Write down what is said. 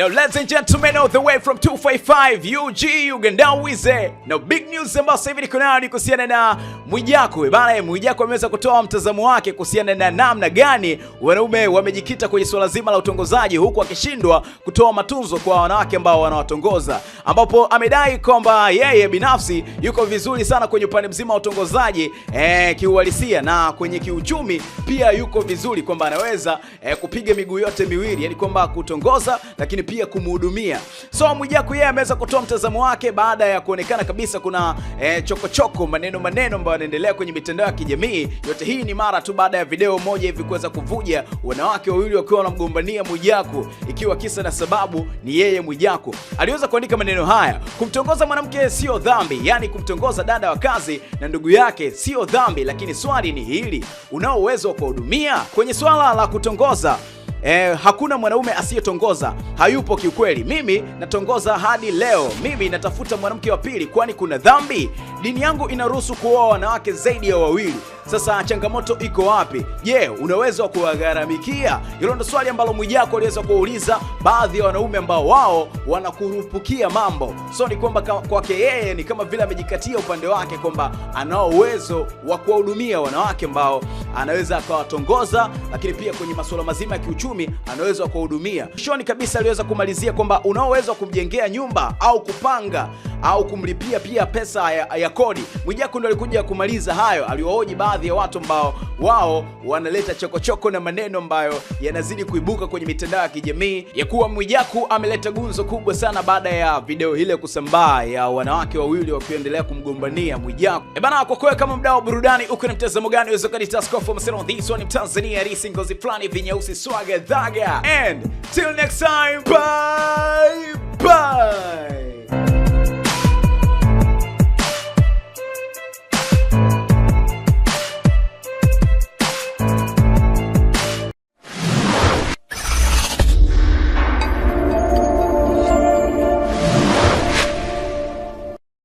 Now ladies and gentlemen, all the way from 255 UG Uganda Wize. Now big news ambayo sasa hivi niko nayo kuhusiana na Mwijaku. Bana, Mwijaku ameweza kutoa mtazamo wake kuhusiana na namna gani wanaume wamejikita kwenye swala zima la utongozaji huku akishindwa kutoa matunzo kwa wanawake ambao wanawatongoza, ambapo amedai kwamba yeye binafsi yuko vizuri sana kwenye upande mzima wa utongozaji eh, kiuhalisia na kwenye kiuchumi pia yuko vizuri kwamba anaweza eh, kupiga miguu yote miwili, yani kwamba kutongoza lakini pia kumhudumia. So Mwijaku yeye ameweza kutoa mtazamo wake baada ya kuonekana kabisa kuna eh, chokochoko maneno maneno ambayo yanaendelea kwenye mitandao ya kijamii. Yote hii ni mara tu baada ya video moja hivi kuweza kuvuja, wanawake wawili wakiwa wanamgombania Mwijaku, ikiwa kisa na sababu ni yeye Mwijaku. Aliweza kuandika maneno haya: kumtongoza mwanamke sio dhambi, yani kumtongoza dada wa kazi na ndugu yake sio dhambi, lakini swali ni hili, unao uwezo wa Kwenye swala la kutongoza eh, hakuna mwanaume asiyetongoza, hayupo kiukweli. Mimi natongoza hadi leo, mimi natafuta mwanamke wa pili. Kwani kuna dhambi? Dini yangu inaruhusu kuoa wanawake zaidi ya wawili. Sasa changamoto iko wapi? Je, yeah, unaweza kuwagharamikia? Hilo ndo swali ambalo Mwijako aliweza kuuliza baadhi ya wanaume ambao wao wanakurupukia mambo. So ni kwamba kwake yeye ni kama vile amejikatia upande wake kwamba anao uwezo wa kuwahudumia wanawake ambao anaweza akawatongoza, lakini pia kwenye masuala mazima ya kiuchumi anaweza kuwahudumia. Shoni kabisa aliweza kumalizia kwamba unaoweza kumjengea nyumba au kupanga au kumlipia pia pesa ya, ya kodi. Mwijako ndo alikuja kumaliza hayo, aliwahoji baadhi baadhi ya watu ambao wao wanaleta chokochoko na maneno ambayo yanazidi kuibuka kwenye mitandao ya kijamii ya kuwa Mwijaku ameleta gunzo kubwa sana baada ya video ile kusambaa ya wanawake wawili wakiendelea kumgombania Mwijaku. E bana, kwa kweli kama mdau wa burudani, uko na mtazamo gani? Unaweza kadi task for myself on this one Tanzania rising gozi flani vinyeusi swaga dhaga. And till next time, bye.